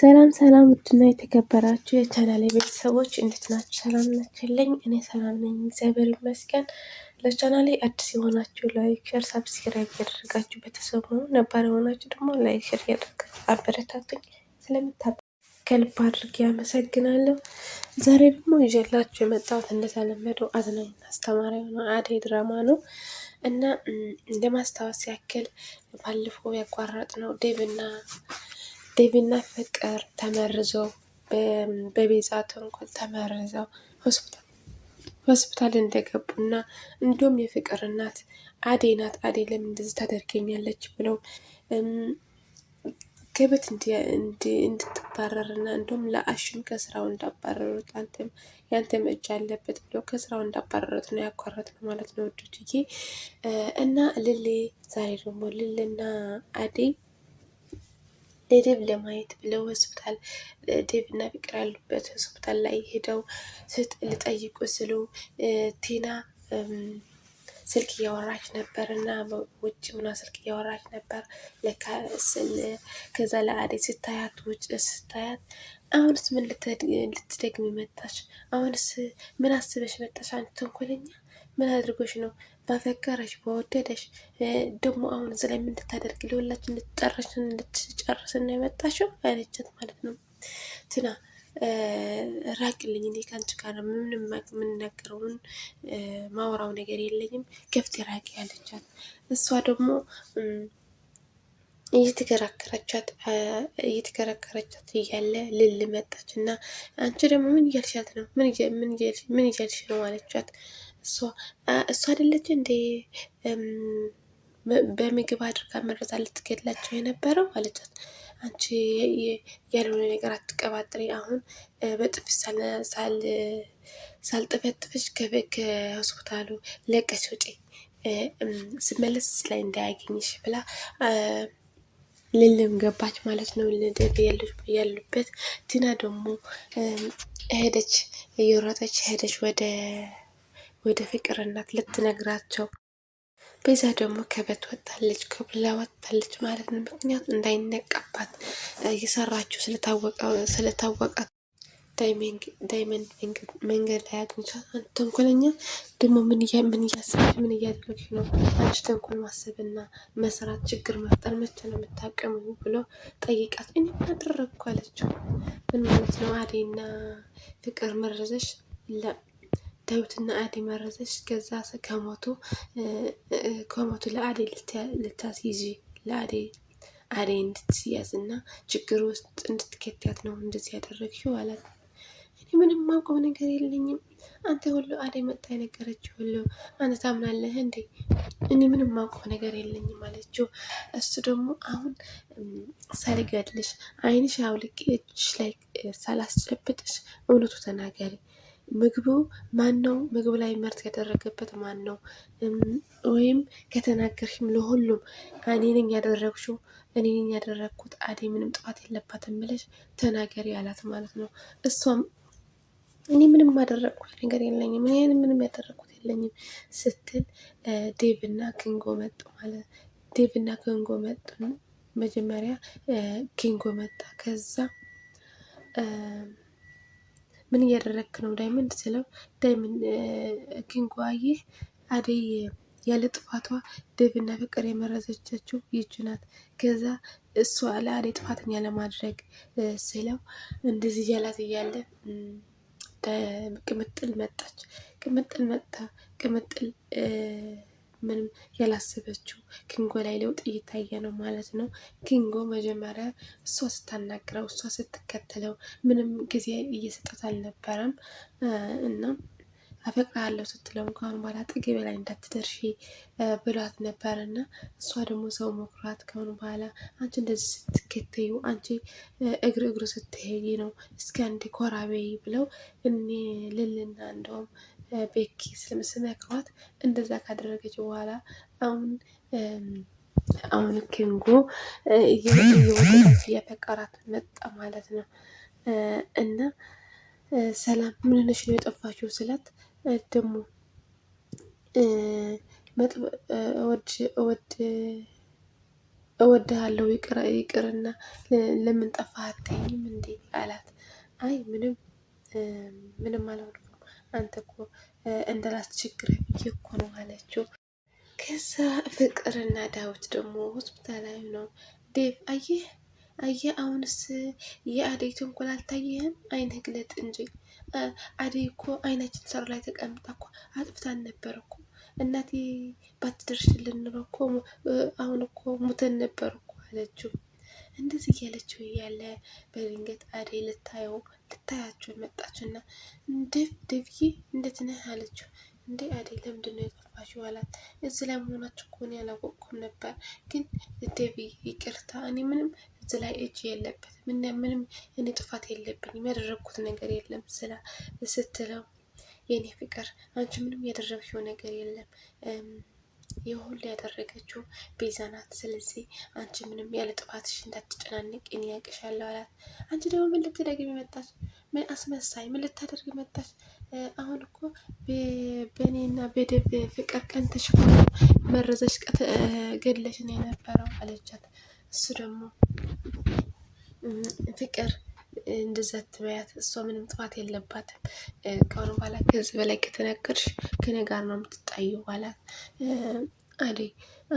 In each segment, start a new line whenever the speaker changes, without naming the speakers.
ሰላም ሰላም፣ ውድና የተከበራችሁ የቻናል ቤተሰቦች እንዴት ናችሁ? ሰላም ናችሁልኝ? እኔ ሰላም ነኝ፣ እግዚአብሔር ይመስገን። ለቻናሌ አዲስ የሆናችሁ ላይክ፣ ሸር፣ ሳብስክራይብ ያደረጋችሁ ቤተሰቡ ነባር የሆናችሁ ደግሞ ላይክ፣ ሸር ያደረጋችሁ አበረታቱኝ። ስለምታ ከልብ አድርጌ ያመሰግናለሁ። ዛሬ ደግሞ ይዤላችሁ የመጣሁት እንደተለመደው አዝናኝና አስተማሪ የሆነ አደይ ድራማ ነው እና ለማስታወስ ያክል ባለፈው ነው ዴቭና ዴቪና ፍቅር ተመርዞ በቤዛ ተንኮል ተመርዘው ሆስፒታል እንደገቡና እንዲሁም የፍቅር እናት አዴ ናት አደይ ለምን እንደዚህ ታደርገኛለች ብለው ከቤት እንድትባረርና እንዲሁም ለአሽም ከስራው እንዳባረሩት አንተም ያንተም እጅ አለበት ብለው ከስራው እንዳባረሩት ነው ያኳረት ነው ማለት ነው። ወዶችዬ እና ልሌ ዛሬ ደግሞ ልልና አዴ ለዴቭ ለማየት ብለው ሆስፒታል ዴቭ እና ፍቅር ያሉበት ሆስፒታል ላይ ሄደው ሊጠይቁ ስሉ ቴና ስልክ እያወራች ነበር እና ውጭ ሆና ስልክ እያወራች ነበር። ከዛ ለአደይ ስታያት ውጭ ስታያት አሁንስ ምን ልትደግሚ መጣሽ? አሁንስ ምን አስበሽ መጣሽ? አንቺ ተንኮለኛ ምን አድርጎሽ ነው? ባፈቀረሽ በወደደሽ ደግሞ አሁን እዚ ላይ ምንድታደርግ ሊወላችን ልትጨርስን ነው የመጣሽው አይነቻት ማለት ነው። ትና ራቅልኝ፣ እኔ ከአንቺ ጋር የምንነገረውን ማውራው ነገር የለኝም፣ ከፍቴ ራቂ ያለቻት እሷ ደግሞ እየተከራከረቻት እየተከራከረቻት እያለ ልል መጣች እና አንቺ ደግሞ ምን እያልሻት ነው? ምን እያልሽ ነው አለቻት። እሷ እሷ አይደለች እንዴ በምግብ አድርጋ መረዛ ልትገድላቸው የነበረው አለቻት። አንቺ ያልሆነ ነገር አትቀባጥሪ። አሁን በጥፍሽ ሳልጥፈጥፍሽ ከሆስፒታሉ ለቀሽ ውጪ፣ ስመለስ ላይ እንዳያገኝሽ ብላ ልልም ገባች ማለት ነው። ልደት ያሉበት ቲና ደግሞ ሄደች፣ እየሮጠች ሄደች ወደ ወደ ፍቅር እናት ልትነግራቸው ቤዛ ደግሞ ከቤት ወጣለች፣ ከብላ ወጣለች ማለት ነው። ምክንያቱ እንዳይነቃባት እየሰራችው ስለታወቃት ዳይመንድ መንገድ ላይ አግኝቷት፣ አንቺ ተንኮለኛ ደግሞ ምን እያሰብሽ ምን እያደረግሽ ነው? አንቺ ተንኮል ማሰብና መስራት ችግር መፍጠር መቼ ነው የምታቀሙ ብሎ ጠይቃት። እኔ ምን አለችው። ምን ማለት ነው? አዴና ፍቅር መረዘሽ ዳዊትና አዴ መረዘች። ከዛ ከሞቱ ከሞቱ ለአዴ ልታስይዝ ለአዴ አዴ እንድትያዝ እና ችግር ውስጥ እንድትከትያት ነው እንደዚህ ያደረግሽው አላት። እኔ ምንም ማውቀው ነገር የለኝም። አንተ ሁሉ አዴ መጣ የነገረችው ሁሉ አንተ ታምናለህ እንዴ? እኔ ምንም ማውቀው ነገር የለኝም አለችው። እሱ ደግሞ አሁን ሳልገድልሽ አይንሽ አውልቄ እጅሽ ላይ ሳላስጨብጥሽ እውነቱ ተናገሪ ምግቡ ማን ነው? ምግብ ላይ ምርት ያደረገበት ማን ነው? ወይም ከተናገርሽም ለሁሉም እኔ ነኝ ያደረግሽው፣ እኔ ያደረግኩት፣ አዴ ምንም ጥፋት የለባትም ብለሽ ተናገሪ ያላት ማለት ነው። እሷም እኔ ምንም ያደረግኩት ነገር የለኝም፣ እኔ ምንም ያደረግኩት የለኝም ስትል ዴቭና ክንጎ መጡ ማለት ዴቭና ክንጎ መጡ። መጀመሪያ ኪንጎ መጣ ከዛ ምን እያደረግክ ነው ዳይመንድ ስለው ዳይመንድ ኪንጎዋዬ አደይ ያለ ጥፋቷ ደብና ፍቅር የመረዘቻቸው ይች ናት። ከዛ እሷ ለአደይ ጥፋተኛ ለማድረግ ስለው እንደዚህ እያላት እያለ ቅምጥል መጣች። ቅምጥል መጣ ቅምጥል ምንም ያላሰበችው ኪንጎ ላይ ለውጥ እየታየ ነው ማለት ነው። ኪንጎ መጀመሪያ እሷ ስታናግረው እሷ ስትከተለው ምንም ጊዜ እየሰጣት አልነበረም እና አፈቅርሃለሁ ስትለው እንኳን በኋላ ጥግቤ ላይ እንዳትደርሺ ብሏት ነበር እና እሷ ደግሞ ሰው መኩራት ከሆኑ በኋላ አንቺ እንደዚህ ስትከተዩ አንቺ እግር እግሩ ስትሄይ ነው እስኪ አንዴ ኮራ ብለው እኔ ልልና እንደውም ቤኪ ስመክሯት እንደዛ ካደረገች በኋላ አሁን አሁን ኪንጎ እየወደዳት እያፈቀራት መጣ ማለት ነው። እና ሰላም ምን ሆነሽ ነው የጠፋችው ስላት ደግሞ እወድሃለሁ ይቅርና ለምን ጠፋህ አትይኝም እንዴ አላት። አይ ምንም ምንም አልሆንኩም አንተ እኮ እንዳላስቸግረህ ብዬ እኮ ነው አለችው። ከዛ ፍቅርና ዳዊት ደግሞ ሆስፒታላዊ ነው ዴቭ አየህ አየህ አሁንስ የአደይ ተንኮል አልታየህም? አይንህ ግለጥ እንጂ አደይ እኮ አይናችን ሰሩ ላይ ተቀምጣ እኮ አጥፍታን ነበር እኮ እናቴ ባትደርሽልን ኖሮ እኮ አሁን እኮ ሙተን ነበር እኮ አለችው። እንደዚህ እያለችው እያለ በድንገት አደይ ልታየው ልታያቸው መጣችና ደፍ ደፍዬ እንዴት ነህ አለችው። እንዴ አደይ ለምንድን ነው የጠፋሽው አላት። እዚህ ላይ መሆናችሁ እኮ ያላወቅኩም ነበር፣ ግን ደብዬ ይቅርታ፣ እኔ ምንም እዚህ ላይ እጅ የለበትም እና ምንም እኔ ጥፋት የለብኝም ያደረግኩት ነገር የለም ስላ ስትለው የእኔ ፍቅር አንቺ ምንም ያደረግሽው ነገር የለም ይህ ሁሉ ያደረገችው ቤዛ ናት። ስለዚህ አንቺ ምንም ያለ ጥፋትሽ እንዳትጨናንቅ እኔ ያቅሻለሁ አላት። አንቺ ደግሞ ምን ልትደግም መጣች? ምን አስመሳይ፣ ምን ልታደርግ መጣች? አሁን እኮ በእኔና በደብ ፍቅር ቀን ተሽኮ መረዘሽ ገድለሽን የነበረው አለቻት። እሱ ደግሞ ፍቅር እንደዛ ትበያት፣ እሷ ምንም ጥፋት የለባትም። ከሆነ በኋላ ከዚህ በላይ ከተናገርሽ ከኔ ጋር ነው የምትጣዩ ባላት፣ አዴ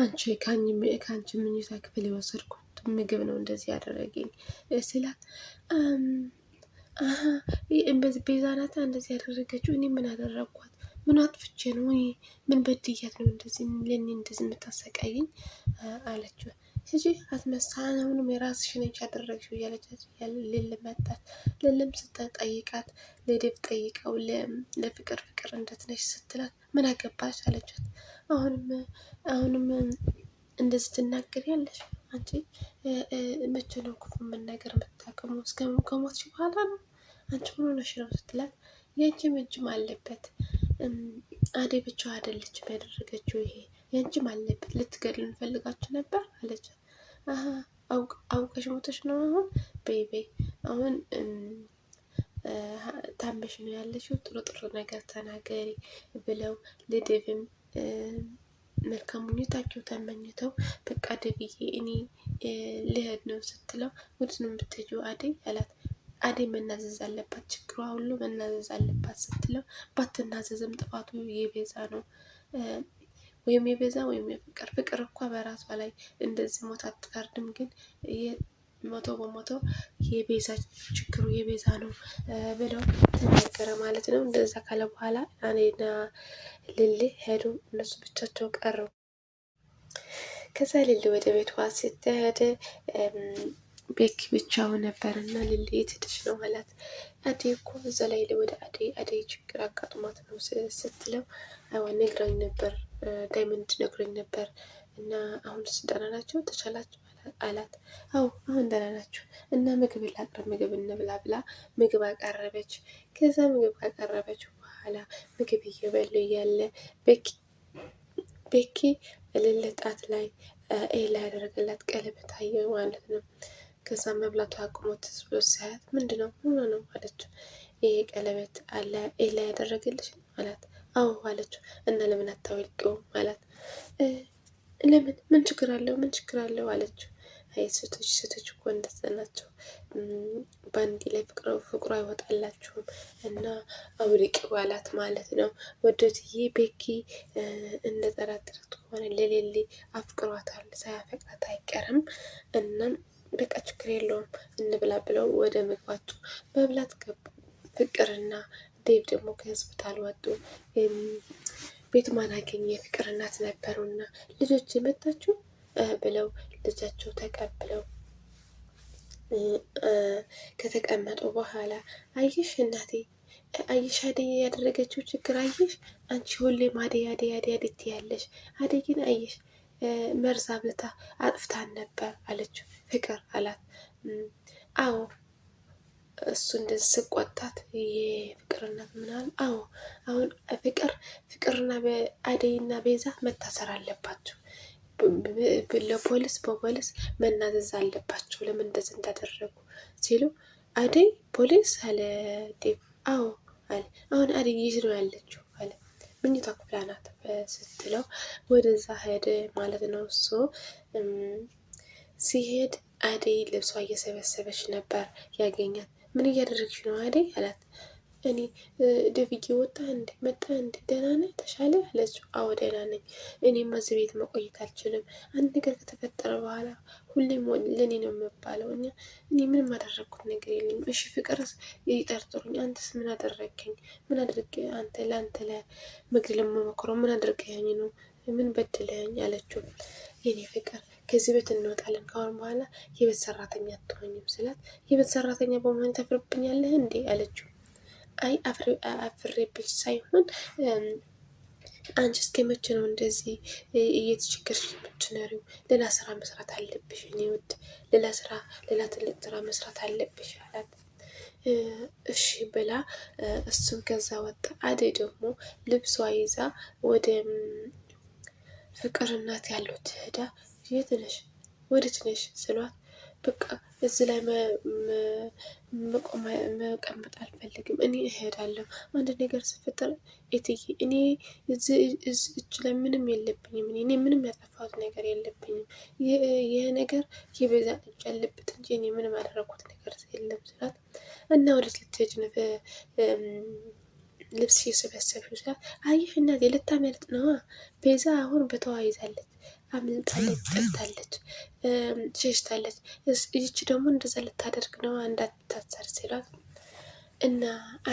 አንቺ ከአንቺ ምኝታ ክፍል የወሰድኩት ምግብ ነው እንደዚህ ያደረገኝ ስላት በዚህ ቤዛ ናት እንደዚህ ያደረገችው። እኔ ምን አደረግኳት? ምን አጥፍቼ ነው? ምን በድያት ነው እንደዚህ ለእኔ እንደዚህ የምታሰቃየኝ? አለችው። ሂጂ አትመሳ አሁንም የራስሽ ነች ያደረግሽው እያለቻት ልል መጣት። ልልም ስትጠይቃት ለዴቭ ጠይቀው ለፍቅር ፍቅር እንደት ነች ስትላት ምን አገባሽ አለቻት። አሁንም አሁንም እንደዚህ ትናገር ያለሽ አንቺ መቼ ነው ክፉ መናገር የምታቀሙ? ከሞትሽ በኋላ ነው አንቺ ምን ሆነሽ ነው ስትላት ያንቺም እጅም አለበት አዴ ብቻ አይደለችም ያደረገችው ይሄ ያንቺም አለበት ልትገድል እንፈልጋችሁ ነበር አለቻት። አውቀሽ ሞተሽ ነው አሁን በይ በይ አሁን ታመሽ ነው ያለችው፣ ጥሩ ጥሩ ነገር ተናገሪ ብለው ልድብም መልካም ሁኔታቸው ተመኝተው በቃ ድብዬ እኔ ልሄድ ነው ስትለው ወደ ነው የምትሄጂው አደይ አላት። አደይ መናዘዝ አለባት፣ ችግሯ ሁሉ መናዘዝ አለባት ስትለው ባትናዘዝም ጥፋቱ የቤዛ ነው። ወይም የቤዛ ወይም የፍቅር ፍቅር እኳ በራሷ ላይ እንደዚህ ሞት አትፈርድም። ግን መቶ በመቶ የቤዛ ችግሩ የቤዛ ነው ብለው ተናገረ ማለት ነው። እንደዛ ካለ በኋላ እኔና ልል ሄዱ። እነሱ ብቻቸው ቀረው። ከዛ ልል ወደ ቤቷ ስትሄድ ቤኪ ብቻው ነበርና ሊሊ የት ሄደሽ ነው አላት። አዴ እኮ እዛ ላይ ወደ አዴ አዴ ችግር አጋጥሟት ነው ስትለው አይዋ ነግራኝ ነበር ዳይመንድ ነግሮኝ ነበር እና አሁን ደህና ናቸው ተቻላቸው አላት። አው አሁን ደህና ናቸው እና ምግብ ላቅርብ ምግብ እንብላ ብላ ምግብ አቀረበች። ከዛ ምግብ ካቀረበች በኋላ ምግብ እየበሉ እያለ ቤኪ ልልጣት ላይ ኤላ ያደረገላት ቀለበት አየ ማለት ነው። ከዛ መብላቱ አቅሞት ብሎ ሲያያት ምንድን ነው ሆኖ ነው አለችው። ይሄ ቀለበት አለ ኤላ ያደረገልሽ አላት። አዎ አለችው። እና ለምን አታወልቂውም አላት። ለምን ምን ችግር አለው ምን ችግር አለው አለችው። አይ ሴቶች ሴቶች እኮ እንደዛ ናቸው። በአንድ ላይ ፍቅሮ አይወጣላችሁም እና አውልቂው ዋላት ማለት ነው። ወደት ወደትዬ ቤኪ እንደጠራጠረት ከሆነ ለሌሌ አፍቅሯታል፣ ሳያፈቅራት አይቀርም እና በቃ ችግር የለውም እንብላ ብለው ወደ ምግባቸው መብላት ገቡ። ፍቅርና ዴብ ደግሞ ከሆስፒታል ወጡ። ቤት ማን አገኘ የፍቅር እናት ነበሩና ልጆች የመጣችው ብለው ልጃቸው ተቀብለው ከተቀመጡ በኋላ አየሽ እናቴ አየሽ አደይ ያደረገችው ችግር አየሽ አንቺ ሁሌም አደይ አደይ አደይ አደይ ትያለሽ አደይ ግን አየሽ መርዝ አብልታ አጥፍታን ነበር አለችው። ፍቅር አላት። አዎ እሱ እንደዚህ ስቆጣት የፍቅርነት ምናምን አዎ አሁን ፍቅር ፍቅርና አደይና ቤዛ መታሰር አለባቸው ለፖሊስ በፖሊስ መናዘዝ አለባቸው ለምን እንደዚህ እንዳደረጉ ሲሉ አደይ ፖሊስ አለ ዴቭ አዎ አለ አሁን አደይ ይህ ነው ያለችው ምኝታ ክፍላ ናት ስትለው ወደዛ ሄደ ማለት ነው። እሱ ሲሄድ አደይ ልብሷ እየሰበሰበች ነበር ያገኛት። ምን እያደረግሽ ነው አደይ አላት። እኔ ደፍጌ ወጣ እንደ መጣ እንደ ደህና ነህ ተሻለ አለችው። አዎ ደህና ነኝ። እኔም እዚህ ቤት መቆየት አልችልም። አንድ ነገር ከተፈጠረ በኋላ ሁሌም ለእኔ ነው የምባለው። እኛ እኔ ምንም አደረግኩት ነገር የለም። እሺ ፍቅር ይጠርጥሩኝ፣ አንተስ ምን አደረግከኝ? ምን አድርግ አንተ ለአንተ ለመግደል የምሞክረው ምን አድርገኸኝ ነው? ምን በድለኸኝ? አለችው የኔ ፍቅር ከዚህ ቤት እንወጣለን። ካሁን በኋላ የቤት ሰራተኛ አትሆኝም ስላት የቤት ሰራተኛ በመሆን ተፍርብኛለህ እንዴ አለችው። አይ አፍሬብሽ ሳይሆን አንቺ እስከ መቼ ነው እንደዚህ እየተቸገርሽ የምትኖሪው? ሌላ ስራ መስራት አለብሽ። እኔ ውድ ሌላ ስራ ሌላ ትልቅ ስራ መስራት አለብሽ አላት። እሺ ብላ እሱም ከዛ ወጣ። አደይ ደግሞ ልብሷ ይዛ ወደ ፍቅር እናት ያለው ትሄዳ የት ነሽ ወደ ትነሽ ስሏት በቃ እዚህ ላይ መቀመጥ አልፈልግም፣ እኔ እሄዳለሁ። አንድ ነገር ስፈጠር እትዬ እኔ እዚህ እጅ ላይ ምንም የለብኝም፣ እኔ ምንም ያጠፋሁት ነገር የለብኝም። ይህ ነገር የቤዛ እጅ ያለበት እንጂ እኔ ምንም ያደረኩት ነገር የለም ስላት እና ወደ ልትሄጂ ልብስ የሰበሰብሽው ጋር አየሽ እናቴ ልታመልጥ ነዋ። ቤዛ አሁን በተዋይዛለች፣ አምልጣለች፣ ጠፍታለች፣ ሸሽታለች። ይቺ ደግሞ እንደዛ ልታደርግ ነዋ እንዳትታሰር ሲሏት እና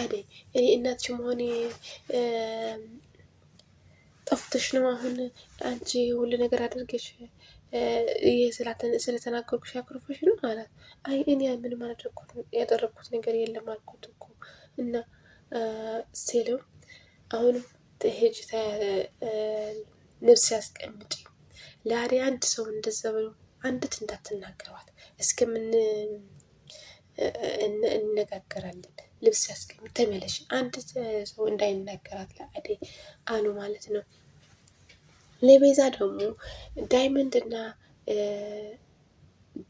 አደይ እኔ እናትሽ መሆን ጠፍተሽ ነው አሁን አንቺ ሁሉ ነገር አድርገሽ ይህ ስለተናገርኩሽ ያኮርፈሽ ነው አላት። አይ እኔ ምንም አላደረኩት ያደረግኩት ነገር የለም አልኩት እኮ እና ሲልም አሁንም ትሄጅ ልብስ ያስቀምጪ ለአሪ አንድ ሰው እንደዛ ብሎ አንድት እንዳትናገሯት እስከምን እነጋገራለን ልብስ ያስቀምጥ ተመለሽ፣ አንድ ሰው እንዳይናገራት ለአዴ አሉ ማለት ነው። ለቤዛ ደግሞ ዳይመንድ እና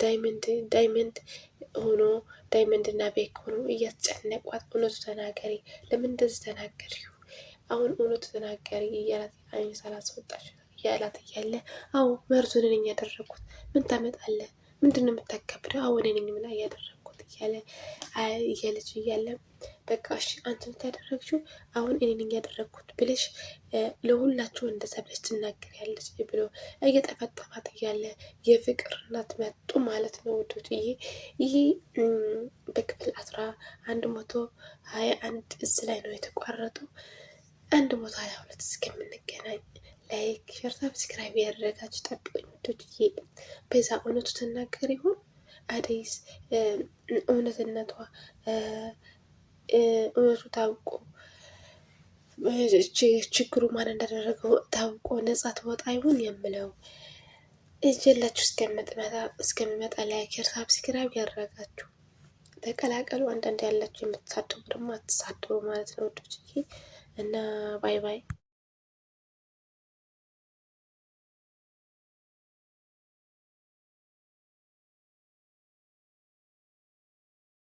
ዳይመንድ ዳይመንድ ሆኖ ዳይመንድ እና ቤክ ሆኖ እያስጨነቋት እውነቱ ተናገሪ፣ ለምን እንደዚህ ተናገሪ፣ አሁን እውነቱ ተናገሪ እያላት አይን ሳላስወጣሽ እያላት እያለ አዎ መርዙን ነኝ ያደረግኩት፣ ምን ታመጣለ? ምንድን ነው የምታከብደው? አዎ እኔ ነኝ ምን እያደረግኩት እያለ እያለች እያለ በቃ እሺ አንቺ የምታደረግችው አሁን እኔን እያደረግኩት ያደረግኩት ብለሽ ለሁላችሁ እንደሰብለች ትናገሪያለች ብሎ እየጠፈጠፋት እያለ የፍቅር እናት መጡ ማለት ነው ውዱት ይሄ ይሄ በክፍል አስራ አንድ መቶ ሀያ አንድ እዚ ላይ ነው የተቋረጠው። አንድ መቶ ሀያ ሁለት እስከምንገናኝ ላይክ፣ ሸር፣ ሰብስክራይብ ያደረጋችሁ ጠብቁኝ ውዱት ይሄ በዛ እውነቱ ትናገር ይሆን አደይስ እውነትነቷ እውነቱ ታውቆ ችግሩ ማን እንዳደረገው ታውቆ ነጻ ትወጣ ይሆን የምለው እጀላችሁ እስከሚመጣ ላይክ፣ ሳብስክራይብ ያደረጋችሁ ተቀላቀሉ። አንዳንድ ያላችሁ የምትሳደቡ ደግሞ አትሳደቡ ማለት ነው ወዶች እና ባይ ባይ።